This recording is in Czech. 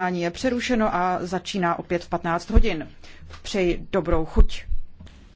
Jednání je přerušeno a začíná opět v 15 hodin. Přeji dobrou chuť.